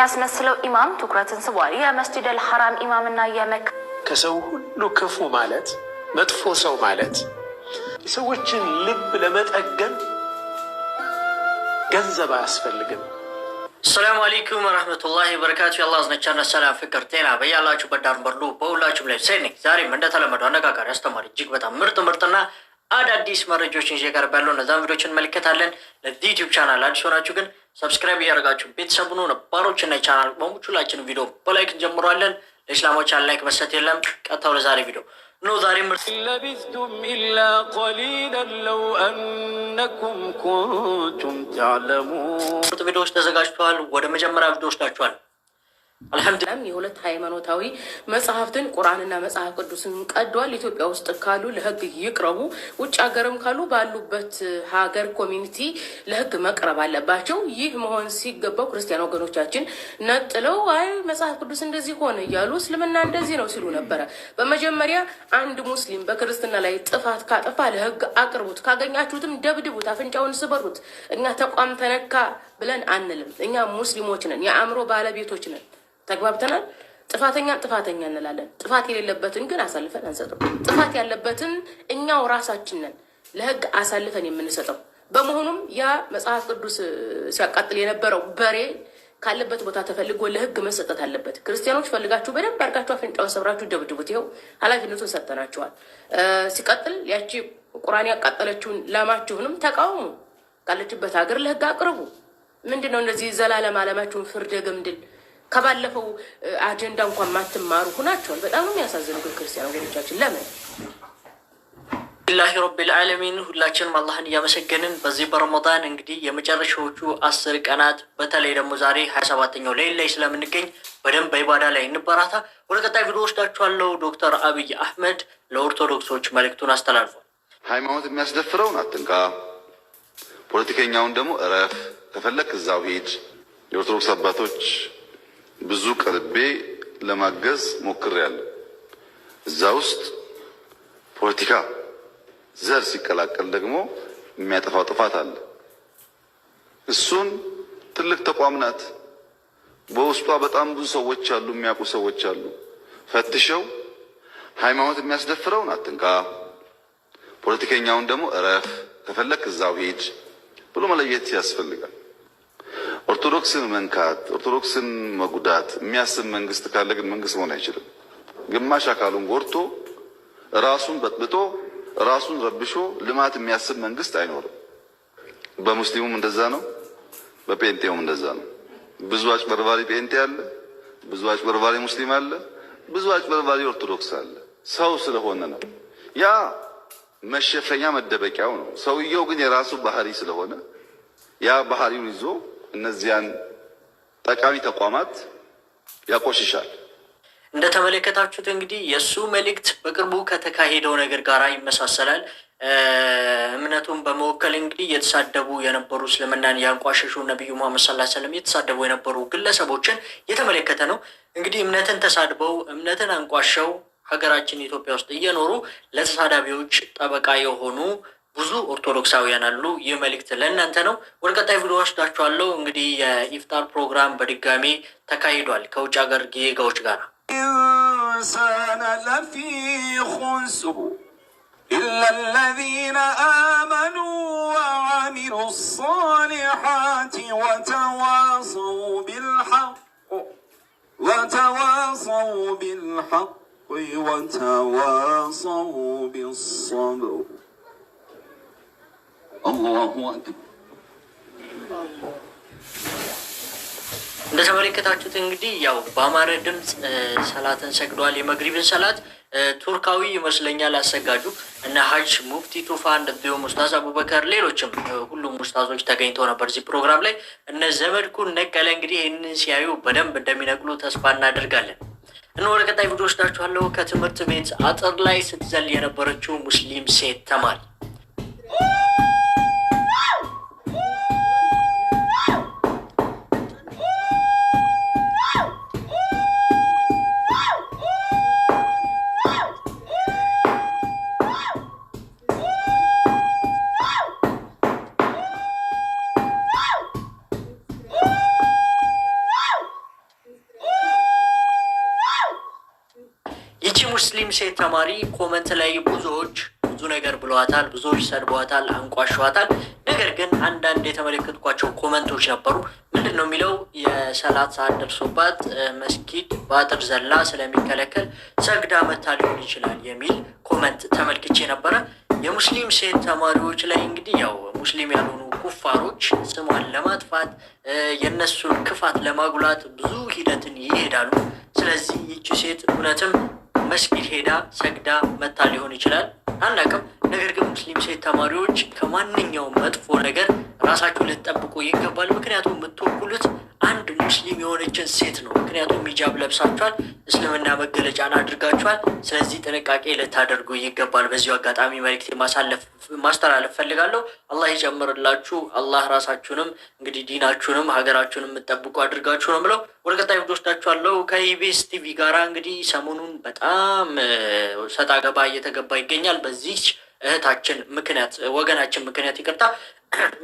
ያስመስለው ኢማም ትኩረትን ስቧል። የመስጂደል ሐራም ኢማምና የመካ ከሰው ሁሉ ክፉ ማለት መጥፎ ሰው ማለት ሰዎችን ልብ ለመጠገን ገንዘብ አያስፈልግም። አሰላሙ አለይኩም ወረሕመቱላሂ ወበረካቱ። የአላህ ዝነቻና ሰላም፣ ፍቅር፣ ጤና በያላችሁበት ዳር በሉ በሁላችሁም ላይ ሴኒ። ዛሬም እንደተለመደው አነጋጋሪ፣ አስተማሪ እጅግ በጣም ምርጥ ምርጥና አዳዲስ መረጃዎችን ይዤ ቀርብ ያለው እነዛን ቪዲዮችን እንመለከታለን። ለዚህ ዩቲዩብ ቻናል አዲስ ሆናችሁ ግን ሰብስክራይብ እያደረጋችሁ ቤተሰቡ ነው ነባሮች እና ቻናል በሙሉ ሁላችንም ቪዲዮ በላይክ እንጀምሯለን። ለእስላሞች ላይክ መስጠት የለም። ቀጥታው ለዛሬ ቪዲዮ ነው። ዛሬ ምርጥ ለቢስቱም ኢላ ቀሊላን ለው አንኩም ኩንቱም ተዕለሙን ምርጥ ቪዲዮዎች ተዘጋጅተዋል። ወደ መጀመሪያ ቪዲዮ ወስዳችኋል። አልሐምዱላም የሁለት ሃይማኖታዊ መጽሐፍትን ቁርአንና መጽሐፍ ቅዱስን ቀዷል። ኢትዮጵያ ውስጥ ካሉ ለህግ ይቅረቡ፣ ውጭ ሀገርም ካሉ ባሉበት ሀገር ኮሚኒቲ ለህግ መቅረብ አለባቸው። ይህ መሆን ሲገባው ክርስቲያን ወገኖቻችን ነጥለው አይ መጽሐፍ ቅዱስ እንደዚህ ሆነ እያሉ እስልምና እንደዚህ ነው ሲሉ ነበረ። በመጀመሪያ አንድ ሙስሊም በክርስትና ላይ ጥፋት ካጠፋ ለህግ አቅርቡት፣ ካገኛችሁትም ደብድቡት፣ አፍንጫውን ስበሩት። እኛ ተቋም ተነካ ብለን አንልም። እኛ ሙስሊሞች ነን፣ የአእምሮ ባለቤቶች ነን። ተግባብተናል። ጥፋተኛ ጥፋተኛ እንላለን። ጥፋት የሌለበትን ግን አሳልፈን አንሰጥም ጥፋት ያለበትን እኛው ራሳችንን ለህግ አሳልፈን የምንሰጠው በመሆኑም ያ መጽሐፍ ቅዱስ ሲያቃጥል የነበረው በሬ ካለበት ቦታ ተፈልጎ ለህግ መሰጠት አለበት። ክርስቲያኖች ፈልጋችሁ በደንብ አርጋችሁ አፍንጫውን ሰብራችሁ ደብድቡት። ይኸው ኃላፊነቱን ሰጠናችኋል። ሲቀጥል ያቺ ቁራን ያቃጠለችውን ላማችሁንም ተቃውሙ፣ ካለችበት ሀገር ለህግ አቅርቡ። ምንድን ነው እንደዚህ ዘላለም አለማችሁን ፍርደ ገምድል ከባለፈው አጀንዳ እንኳን ማትማሩ ሁናቸዋል። በጣም የሚያሳዝኑ ግን ክርስቲያን ወገኖቻችን ለምን ላሂ ረቢል ዓለሚን ሁላችንም አላህን እያመሰገንን በዚህ በረመዳን እንግዲህ የመጨረሻዎቹ አስር ቀናት በተለይ ደግሞ ዛሬ ሀያ ሰባተኛው ሌሊት ላይ ስለምንገኝ በደንብ በኢባዳ ላይ እንበራታ። ወደ ቀጣይ ቪዲዮ ወስዳችኋለሁ። ዶክተር አብይ አህመድ ለኦርቶዶክሶች መልእክቱን አስተላልፏል። ሃይማኖት የሚያስደፍረውን አትንካ፣ ፖለቲከኛውን ደግሞ እረፍ፣ ከፈለክ እዛው ሂድ። የኦርቶዶክስ አባቶች ብዙ ቀርቤ ለማገዝ ሞክሬያለሁ። እዛ ውስጥ ፖለቲካ፣ ዘር ሲቀላቀል ደግሞ የሚያጠፋው ጥፋት አለ። እሱን ትልቅ ተቋም ናት። በውስጧ በጣም ብዙ ሰዎች አሉ፣ የሚያውቁ ሰዎች አሉ። ፈትሸው ሃይማኖት የሚያስደፍረውን አትንካ፣ ፖለቲከኛውን ደግሞ እረፍ፣ ከፈለክ እዛው ሂድ ብሎ መለየት ያስፈልጋል። ኦርቶዶክስን መንካት፣ ኦርቶዶክስን መጉዳት የሚያስብ መንግስት ካለ ግን መንግስት መሆን አይችልም። ግማሽ አካሉን ጎድቶ ራሱን በጥብጦ ራሱን ረብሾ ልማት የሚያስብ መንግስት አይኖርም። በሙስሊሙም እንደዛ ነው፣ በጴንጤውም እንደዛ ነው። ብዙ አጭበርባሪ ጴንጤ አለ፣ ብዙ አጭበርባሪ ሙስሊም አለ፣ ብዙ አጭበርባሪ ኦርቶዶክስ አለ። ሰው ስለሆነ ነው። ያ መሸፈኛ መደበቂያው ነው። ሰውየው ግን የራሱ ባህሪ ስለሆነ ያ ባህሪውን ይዞ እነዚያን ጠቃሚ ተቋማት ያቆሽሻል። እንደተመለከታችሁት እንግዲህ የእሱ መልእክት በቅርቡ ከተካሄደው ነገር ጋር ይመሳሰላል። እምነቱን በመወከል እንግዲህ የተሳደቡ የነበሩ እስልምናን ያንቋሸሹ ነቢዩ ሙሐመድ ሰለላሁ ዐለይሂ ወሰለም የተሳደቡ የነበሩ ግለሰቦችን የተመለከተ ነው። እንግዲህ እምነትን ተሳድበው እምነትን አንቋሸው ሀገራችን ኢትዮጵያ ውስጥ እየኖሩ ለተሳዳቢዎች ጠበቃ የሆኑ ብዙ ኦርቶዶክሳውያን አሉ። ይህ መልእክት ለእናንተ ነው። ወደ ቀጣይ ቪዲዮ ወስዳችኋለሁ። እንግዲህ የኢፍጣር ፕሮግራም በድጋሚ ተካሂዷል ከውጭ ሀገር ጌጋዎች ጋር ኢንሳነ አመኑ ሷሊሓት ወተዋሰው ቢልሐቅ ወተዋሰው ቢልሐቅ ወተዋሰው እንደተመለከታችሁት እንግዲህ ያው በአማረ ድምፅ ሰላትን ሰግደዋል። የመግሪብን ሰላት ቱርካዊ ይመስለኛል አሰጋጁ እና ሀጅ ሙፍቲ ቱፋ እንደዚሁም ኡስታዝ አቡበከር ሌሎችም ሁሉም ኡስታዞች ተገኝተው ነበር እዚህ ፕሮግራም ላይ። እነ ዘመድኩን ነቀለ እንግዲህ ይህንን ሲያዩ በደንብ እንደሚነቅሉ ተስፋ እናደርጋለን። እና ወደ ቀጣይ ቪዲዮ ወስዳችኋለሁ። ከትምህርት ቤት አጥር ላይ ስትዘል የነበረችው ሙስሊም ሴት ተማሪ በተጨማሪ ኮመንት ላይ ብዙዎች ብዙ ነገር ብለዋታል፣ ብዙዎች ሰድቧታል፣ አንቋሸዋታል። ነገር ግን አንዳንድ የተመለከትኳቸው ኮመንቶች ነበሩ። ምንድን ነው የሚለው የሰላት ሰዓት ደርሶባት መስጊድ በአጥር ዘላ ስለሚከለከል ሰግዳ መታ ሊሆን ይችላል የሚል ኮመንት ተመልክቼ ነበረ። የሙስሊም ሴት ተማሪዎች ላይ እንግዲህ ያው ሙስሊም ያልሆኑ ኩፋሮች ስሟን ለማጥፋት የእነሱን ክፋት ለማጉላት ብዙ ሂደትን ይሄዳሉ። ስለዚህ ይቺ ሴት እውነትም መስጊድ ሄዳ ሰግዳ መታ ሊሆን ይችላል አናቅም። ነገር ግን ሙስሊም ሴት ተማሪዎች ከማንኛውም መጥፎ ነገር ራሳችሁን ልትጠብቁ ይገባል። ምክንያቱም የምትወኩሉት አንድ ሙስሊም የሆነችን ሴት ነው። ምክንያቱም ሂጃብ ለብሳችኋል፣ እስልምና መገለጫን አድርጋችኋል። ስለዚህ ጥንቃቄ ልታደርጉ ይገባል። በዚሁ አጋጣሚ መልእክት ማስተላለፍ ፈልጋለሁ። አላህ ይጨምርላችሁ። አላህ ራሳችሁንም እንግዲህ ዲናችሁንም ሀገራችሁንም የምጠብቁ አድርጋችሁ ነው ብለው ወደ ቀጣይ ወስዳችኋለሁ። ከኢቢኤስ ቲቪ ጋር እንግዲህ ሰሞኑን በጣም ሰጣ ገባ እየተገባ ይገኛል። በዚች እህታችን ምክንያት ወገናችን ምክንያት ይቅርታ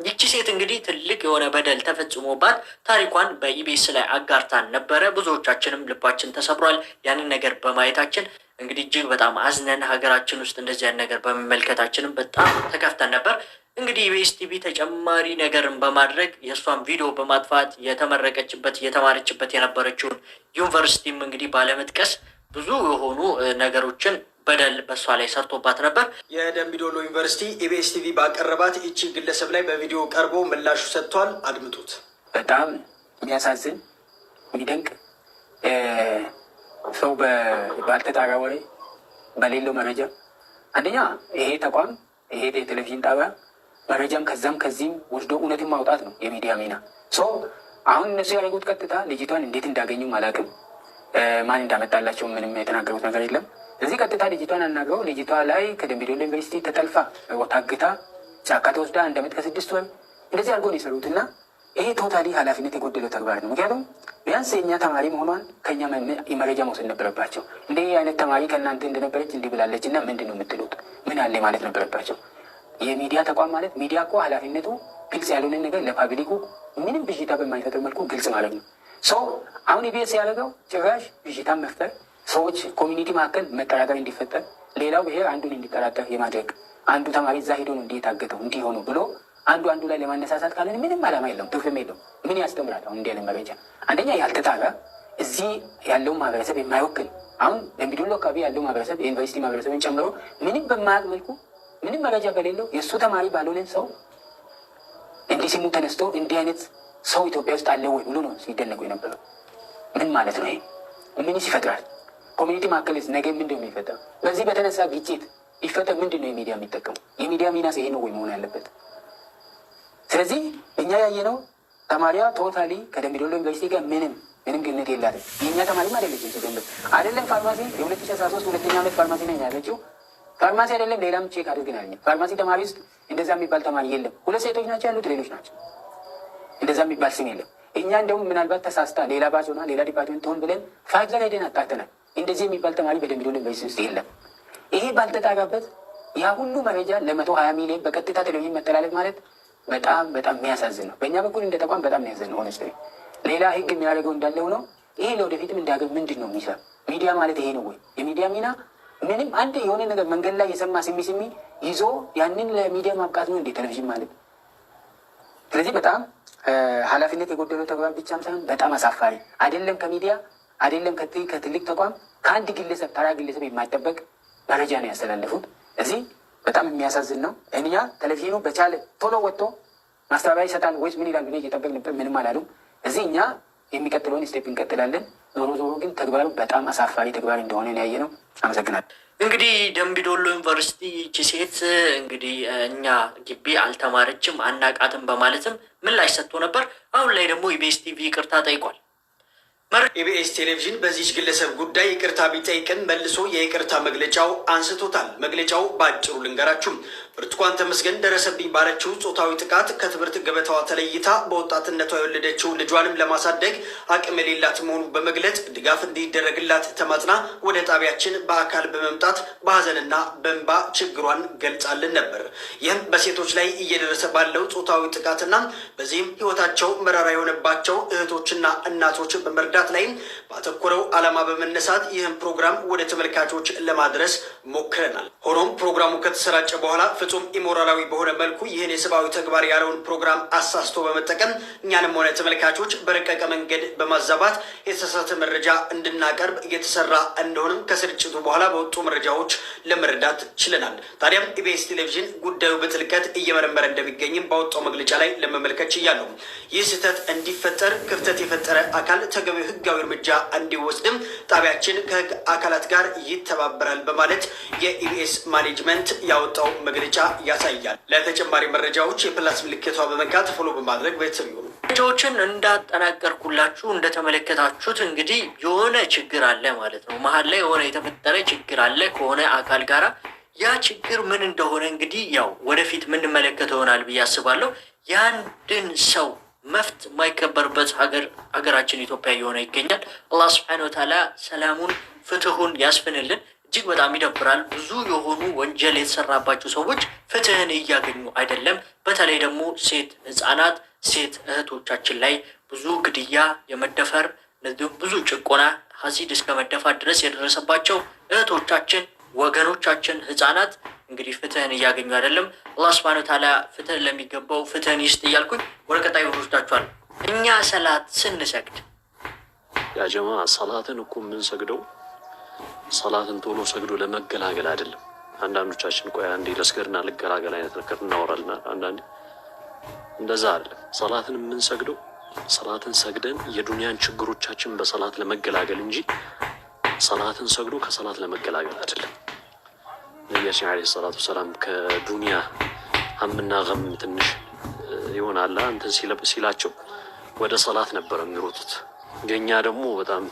ይቺ ሴት እንግዲህ ትልቅ የሆነ በደል ተፈጽሞባት ታሪኳን በኢቢኤስ ላይ አጋርታን ነበረ። ብዙዎቻችንም ልባችን ተሰብሯል። ያንን ነገር በማየታችን እንግዲህ እጅግ በጣም አዝነን ሀገራችን ውስጥ እንደዚህ ያን ነገር በመመልከታችንም በጣም ተከፍተን ነበር። እንግዲህ ኢቢኤስ ቲቪ ተጨማሪ ነገርን በማድረግ የእሷን ቪዲዮ በማጥፋት የተመረቀችበት የተማረችበት የነበረችውን ዩኒቨርሲቲም እንግዲህ ባለመጥቀስ ብዙ የሆኑ ነገሮችን በደል በእሷ ላይ ሰርቶባት ነበር። የደምቢዶሎ ዩኒቨርሲቲ ኢቢኤስ ቲቪ ባቀረባት ይቺ ግለሰብ ላይ በቪዲዮ ቀርቦ ምላሹ ሰጥቷል። አድምጡት። በጣም የሚያሳዝን የሚደንቅ ሰው ባልተጣራ ወሬ በሌለው መረጃ አንደኛ ይሄ ተቋም ይሄ የቴሌቪዥን ጣቢያ መረጃም ከዛም ከዚህም ወስዶ እውነትን ማውጣት ነው የሚዲያ ሚና። ሰው አሁን እነሱ ያደረጉት ቀጥታ ልጅቷን እንዴት እንዳገኙ አላውቅም። ማን እንዳመጣላቸው ምንም የተናገሩት ነገር የለም። እዚህ ቀጥታ ልጅቷን አናግረው ልጅቷ ላይ ከደምቢዶሎ ዩኒቨርሲቲ ተጠልፋ ወታግታ ጫካ ተወስዳ አንድ ዓመት ከስድስት ወር እንደዚህ አድርጎ ነው የሰሩት እና ይሄ ቶታሊ ኃላፊነት የጎደለው ተግባር ነው። ምክንያቱም ቢያንስ የእኛ ተማሪ መሆኗን ከኛ መረጃ መውሰድ ነበረባቸው። እንደ አይነት ተማሪ ከእናንተ እንደነበረች እንዲህ ብላለች እና ምንድን ነው የምትሉት ምን አለ ማለት ነበረባቸው። የሚዲያ ተቋም ማለት ሚዲያ እኮ ኃላፊነቱ ግልጽ ያልሆነን ነገር ለፓብሊኩ ምንም ብዥታ በማይፈጥር መልኩ ግልጽ ማለት ነው። ሰው አሁን ኢቢኤስ ያደረገው ጭራሽ ብዥታን መፍጠር ሰዎች ኮሚኒቲ መካከል መጠራጠር እንዲፈጠር፣ ሌላው ብሔር አንዱን እንዲጠራጠር የማድረግ አንዱ ተማሪ እዛ ሄዶ ነው እንዲህ የታገተው እንዲህ ሆኖ ብሎ አንዱ አንዱ ላይ ለማነሳሳት ካለ ምንም ዓላማ የለውም፣ ትርፍም የለውም። ምን ያስተምራል? አሁን እንዲህ ያለ መረጃ አንደኛ ያልተጣራ እዚህ ያለውን ማህበረሰብ የማይወክል አሁን በሚዶሎ አካባቢ ያለው ማህበረሰብ የዩኒቨርሲቲ ማህበረሰብን ጨምሮ ምንም በማያውቅ መልኩ ምንም መረጃ በሌለው የእሱ ተማሪ ባልሆነን ሰው እንዲህ ስሙ ተነስቶ እንዲህ አይነት ሰው ኢትዮጵያ ውስጥ አለ ወይ ብሎ ነው ሲደነቁ የነበረው። ምን ማለት ነው? ይሄ ምንስ ይፈጥራል? ኮሚኒቲ ማከለስ ነገ ምንድን ነው በዚህ በተነሳ ግጭት ይፈታ ምንድን ነው የሚዲያ የሚጠቀሙ? የሚዲያ ሚናስ ይሄ ነው ወይ መሆን ያለበት? ስለዚህ እኛ ያየነው ተማሪዋ ቶታሊ ከደምቢዶሎ ዩኒቨርሲቲ ጋር ምንም ምንም ግንኙነት የላትም። የእኛ ተማሪም አይደለችም። ሲጀምር አይደለም ፋርማሲ የ2013 ሁለተኛ ዓመት ፋርማሲ ነኝ ያለችው ፋርማሲ አይደለም ሌላም ቼክ አድርገናል። ፋርማሲ ተማሪ ውስጥ እንደዛ የሚባል ተማሪ የለም። ሁለት ሴቶች ናቸው ያሉት፣ ሌሎች ናቸው እንደዛ የሚባል ስም የለም። እኛ እንደውም ምናልባት ተሳስታ ሌላ ባዞና ሌላ ዲፓርትመንት ትሆን ብለን ፋይል ላይ ሄደን አጣተናል። እንደዚህ የሚባል ተማሪ በደንቢዶሎ ዩኒቨርሲቲ ውስጥ የለም። ይሄ ባልተጣራበት ያ ሁሉ መረጃ ለመቶ ሀያ ሚሊዮን በቀጥታ ቴሌቪዥን መተላለፍ ማለት በጣም በጣም የሚያሳዝን ነው። በእኛ በኩል እንደ ተቋም በጣም የሚያሳዝን ነው። ሆነስ ሌላ ህግ የሚያደርገው እንዳለ ነው። ይሄ ለወደፊትም እንዳገር ምንድን ነው የሚሰራ ሚዲያ ማለት ይሄ ነው ወይ? የሚዲያ ሚና ምንም አንድ የሆነ ነገር መንገድ ላይ የሰማ ስሚ ስሚ ይዞ ያንን ለሚዲያ ማብቃት ነው እንዴ ቴሌቪዥን ማለት? ስለዚህ በጣም ኃላፊነት የጎደለው ተግባር ብቻም ሳይሆን በጣም አሳፋሪ አይደለም ከሚዲያ አይደለም ከትልቅ ተቋም ከአንድ ግለሰብ ተራ ግለሰብ የማይጠበቅ መረጃ ነው ያስተላለፉት። እዚህ በጣም የሚያሳዝን ነው። እኛ ቴሌቪዥኑ በቻለ ቶሎ ወጥቶ ማስተባበያ ይሰጣል ወይስ ምን ይላል ብለን ነበር። ምንም አላሉም። እዚህ እኛ የሚቀጥለውን ስቴፕ እንቀጥላለን። ዞሮ ዞሮ ግን ተግባሩ በጣም አሳፋሪ ተግባር እንደሆነ ያየ ነው። አመሰግናል። እንግዲህ ደምቢዶሎ ዩኒቨርሲቲ ይቺ ሴት እንግዲህ እኛ ግቢ አልተማረችም አናቃትም በማለትም ምላሽ ሰጥቶ ነበር። አሁን ላይ ደግሞ ኢቢኤስ ቲቪ ይቅርታ ጠይቋል። ኢቢኤስ ቴሌቪዥን በዚች ግለሰብ ጉዳይ ይቅርታ ቢጠይቅን መልሶ የይቅርታ መግለጫው አንስቶታል። መግለጫው በአጭሩ ልንገራችሁም ብርቱካን ተመስገን ደረሰብኝ ባለችው ጾታዊ ጥቃት ከትምህርት ገበታዋ ተለይታ በወጣትነቷ የወለደችው ልጇንም ለማሳደግ አቅም የሌላት መሆኑ በመግለጽ ድጋፍ እንዲደረግላት ተማጽና ወደ ጣቢያችን በአካል በመምጣት በሀዘንና በንባ ችግሯን ገልጻልን ነበር። ይህም በሴቶች ላይ እየደረሰ ባለው ጾታዊ ጥቃትና በዚህም ህይወታቸው መራራ የሆነባቸው እህቶችና እናቶች በመርዳት ላይ ባተኮረው ዓላማ በመነሳት ይህም ፕሮግራም ወደ ተመልካቾች ለማድረስ ሞክረናል። ሆኖም ፕሮግራሙ ከተሰራጨ በኋላ በፍጹም ኢሞራላዊ በሆነ መልኩ ይህን የሰብአዊ ተግባር ያለውን ፕሮግራም አሳስቶ በመጠቀም እኛንም ሆነ ተመልካቾች በረቀቀ መንገድ በማዛባት የተሳሳተ መረጃ እንድናቀርብ እየተሰራ እንደሆነም ከስርጭቱ በኋላ በወጡ መረጃዎች ለመረዳት ችለናል። ታዲያም ኢቢኤስ ቴሌቪዥን ጉዳዩ በጥልቀት እየመረመረ እንደሚገኝም በወጣው መግለጫ ላይ ለመመልከት ችያለሁ። ይህ ስህተት እንዲፈጠር ክፍተት የፈጠረ አካል ተገቢው ህጋዊ እርምጃ እንዲወስድም ጣቢያችን ከህግ አካላት ጋር ይተባበራል በማለት የኢቢኤስ ማኔጅመንት ያወጣው መግለጫ ያሳያል። ለተጨማሪ መረጃዎች የፕላስ ምልክቷ በመንካት ፎሎ በማድረግ ቤተሰብ ይሁኑ። መረጃዎችን እንዳጠናቀርኩላችሁ እንደተመለከታችሁት እንግዲህ የሆነ ችግር አለ ማለት ነው። መሀል ላይ የሆነ የተፈጠረ ችግር አለ ከሆነ አካል ጋራ ያ ችግር ምን እንደሆነ እንግዲህ ያው ወደፊት ምንመለከት ይሆናል ብዬ አስባለሁ። የአንድን ሰው መፍት የማይከበርበት ሀገር ሀገራችን ኢትዮጵያ እየሆነ ይገኛል። አላህ ስብሐነ ወተዓላ ሰላሙን ፍትሁን ያስፍንልን። እጅግ በጣም ይደብራል። ብዙ የሆኑ ወንጀል የተሰራባቸው ሰዎች ፍትህን እያገኙ አይደለም። በተለይ ደግሞ ሴት ህጻናት፣ ሴት እህቶቻችን ላይ ብዙ ግድያ፣ የመደፈር ብዙ ጭቆና፣ ሀሲድ እስከ መደፋት ድረስ የደረሰባቸው እህቶቻችን፣ ወገኖቻችን፣ ህጻናት እንግዲህ ፍትህን እያገኙ አይደለም። አላህ ሱብሃነሁ ወተዓላ ፍትህን ለሚገባው ፍትህን ይስጥ እያልኩኝ ወደ ቀጣዩ ወስዳችኋል። እኛ ሰላት ስንሰግድ ያጀማ ሰላትን እኮ የምንሰግደው ሰላትን ቶሎ ሰግዶ ለመገላገል አይደለም። አንዳንዶቻችን ቆይ አንዴ ለስገድና ልገላገል አይነት ነገር እናወራልና አንዳንድ እንደዛ አይደለም። ሰላትን የምንሰግደው ሰላትን ሰግደን የዱንያን ችግሮቻችን በሰላት ለመገላገል እንጂ ሰላትን ሰግዶ ከሰላት ለመገላገል አይደለም። ነቢያችን ዓለይሂ ሰላቱ ወሰላም ከዱንያ አምና ገም ትንሽ ይሆናል እንትን ሲላቸው ወደ ሰላት ነበር የሚሮጡት። ገኛ ደግሞ በጣም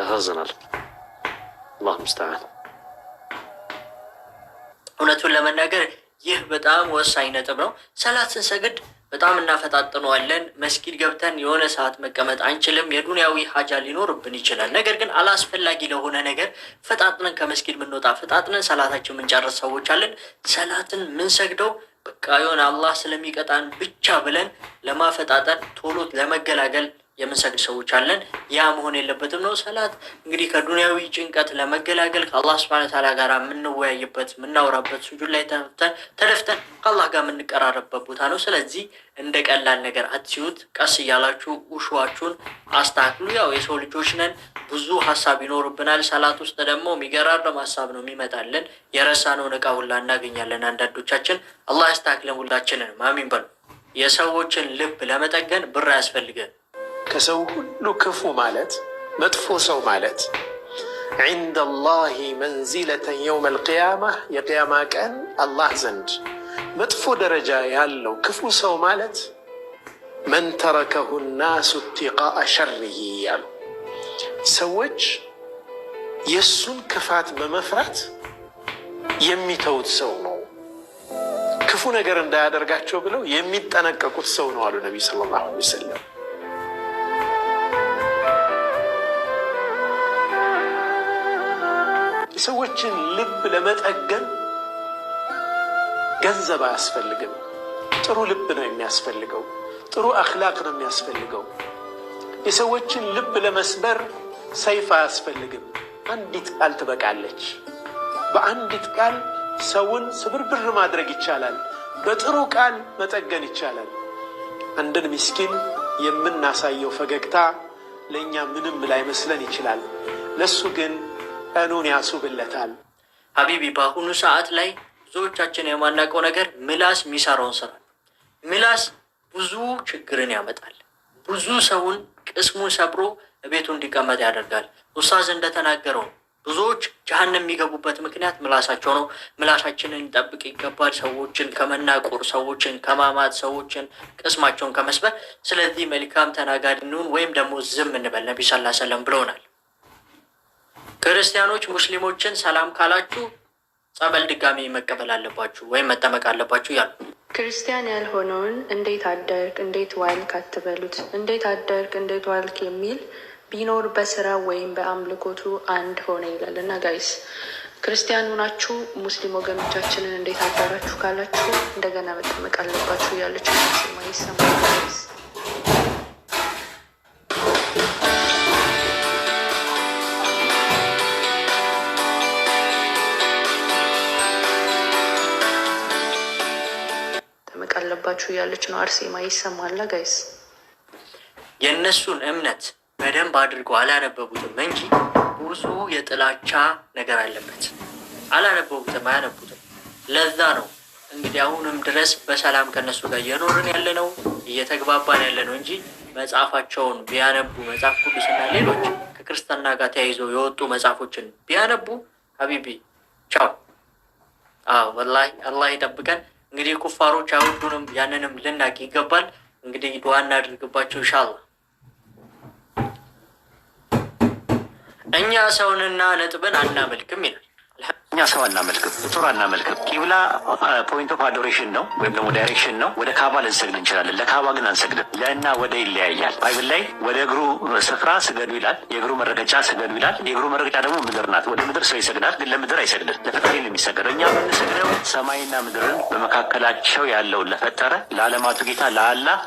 ያሳዝናል። አላህ ሙስተዓን። እውነቱን ለመናገር ይህ በጣም ወሳኝ ነጥብ ነው። ሰላት ስንሰግድ በጣም እናፈጣጥነዋለን። መስጊድ ገብተን የሆነ ሰዓት መቀመጥ አንችልም። የዱንያዊ ሀጃ ሊኖርብን ይችላል። ነገር ግን አላስፈላጊ ለሆነ ነገር ፈጣጥነን ከመስጊድ ምንወጣ ፈጣጥነን ሰላታችን የምንጨርስ ሰዎች አለን። ሰላትን ምንሰግደው በቃ የሆነ አላህ ስለሚቀጣን ብቻ ብለን ለማፈጣጠን ቶሎ ለመገላገል የምንሰግድ ሰዎች አለን። ያ መሆን የለበትም ነው። ሰላት እንግዲህ ከዱንያዊ ጭንቀት ለመገላገል ከአላህ ስብሐነ ተዓላ ጋር የምንወያይበት የምናወራበት፣ ሱጁድ ላይ ተደፍተን ከአላህ ጋር የምንቀራረበት ቦታ ነው። ስለዚህ እንደ ቀላል ነገር አትሲዩት። ቀስ እያላችሁ ውሹዋችሁን አስተካክሉ። ያው የሰው ልጆች ነን፣ ብዙ ሀሳብ ይኖርብናል። ሰላት ውስጥ ደግሞ የሚገራረም ሀሳብ ነው የሚመጣልን። የረሳነውን እቃ ሁላ እናገኛለን። አንዳንዶቻችን አላህ ያስተካክለን። ሁላችንን ማሚን በሉ። የሰዎችን ልብ ለመጠገን ብር አያስፈልገን ከሰው ሁሉ ክፉ ማለት መጥፎ ሰው ማለት ዒንደ ላሂ መንዚለተን የውም አልቅያማ የቅያማ ቀን አላህ ዘንድ መጥፎ ደረጃ ያለው ክፉ ሰው ማለት መን ተረከሁ ናሱ ኢብቲቃአ ሸርህ ያሉ ሰዎች የእሱን ክፋት በመፍራት የሚተውት ሰው ነው። ክፉ ነገር እንዳያደርጋቸው ብለው የሚጠነቀቁት ሰው ነው አሉ ነቢዩ ሰለላሁ ዐለይሂ ወሰለም። የሰዎችን ልብ ለመጠገን ገንዘብ አያስፈልግም። ጥሩ ልብ ነው የሚያስፈልገው። ጥሩ አክላቅ ነው የሚያስፈልገው። የሰዎችን ልብ ለመስበር ሰይፍ አያስፈልግም። አንዲት ቃል ትበቃለች። በአንዲት ቃል ሰውን ስብርብር ማድረግ ይቻላል። በጥሩ ቃል መጠገን ይቻላል። አንድን ምስኪን የምናሳየው ፈገግታ ለእኛ ምንም ላይመስለን ይችላል። ለእሱ ግን ቀኑን ያስውብለታል። ሀቢቢ በአሁኑ ሰዓት ላይ ብዙዎቻችን የማናውቀው ነገር ምላስ የሚሰራውን ስራ ምላስ ብዙ ችግርን ያመጣል። ብዙ ሰውን ቅስሙን ሰብሮ ቤቱ እንዲቀመጥ ያደርጋል። ኡስታዝ እንደተናገረው ብዙዎች ጀሃነም የሚገቡበት ምክንያት ምላሳቸው ነው። ምላሳችንን ጠብቅ ይገባል፣ ሰዎችን ከመናቆር፣ ሰዎችን ከማማት፣ ሰዎችን ቅስማቸውን ከመስበር። ስለዚህ መልካም ተናጋሪ እንሁን ወይም ደግሞ ዝም እንበል። ነቢ ሰላ ሰለም ብለውናል። ክርስቲያኖች ሙስሊሞችን ሰላም ካላችሁ ጸበል ድጋሚ መቀበል አለባችሁ ወይም መጠመቅ አለባችሁ ያሉ። ክርስቲያን ያልሆነውን እንዴት አደርግ እንዴት ዋልክ አትበሉት። እንዴት አደርግ እንዴት ዋልክ የሚል ቢኖር በስራ ወይም በአምልኮቱ አንድ ሆነ ይላል እና ጋይስ ክርስቲያን ሆናችሁ ሙስሊም ወገኖቻችንን እንዴት አደራችሁ ካላችሁ እንደገና መጠመቅ አለባችሁ ያለች ማይሰማ ጋይስ እየሰማችሁ እያለች ነው። አርሴማ ይሰማል ጋይስ። የእነሱን እምነት በደንብ አድርገው አላነበቡትም እንጂ ብዙ የጥላቻ ነገር አለበት። አላነበቡትም፣ አያነቡትም። ለዛ ነው እንግዲህ አሁንም ድረስ በሰላም ከነሱ ጋር እየኖርን ያለ ነው፣ እየተግባባን ያለ ነው እንጂ መጽሐፋቸውን ቢያነቡ መጽሐፍ ቅዱስና ሌሎች ከክርስትና ጋር ተያይዘው የወጡ መጽሐፎችን ቢያነቡ ሀቢቢ ቻው። አዎ ወላሂ አላህ ይጠብቀን። እንግዲህ ኩፋሮች አይወዱንም፣ ያንንም ልናቅ ይገባል። እንግዲህ ዱዓ እናድርግባቸው ይሻሉ እኛ ሰውንና ነጥብን አናመልክም ይላል እኛ ሰው አናመልክም፣ ፍጡር አናመልክም። ቂብላ ፖይንት ኦፍ አዶሬሽን ነው ወይም ደግሞ ዳይሬክሽን ነው። ወደ ካባ ልንሰግድ እንችላለን፣ ለካባ ግን አንሰግድም። ለእና ወደ ይለያያል። ባይብል ላይ ወደ እግሩ ስፍራ ስገዱ ይላል፣ የእግሩ መረገጫ ስገዱ ይላል። የእግሩ መረገጫ ደግሞ ምድር ናት። ወደ ምድር ሰው ይሰግዳል፣ ግን ለምድር አይሰግድም፣ ለፈጣሪ ነው የሚሰግደው። እኛ የምንሰግደው ሰማይና ምድርን በመካከላቸው ያለውን ለፈጠረ ለዓለማቱ ጌታ ለአላህ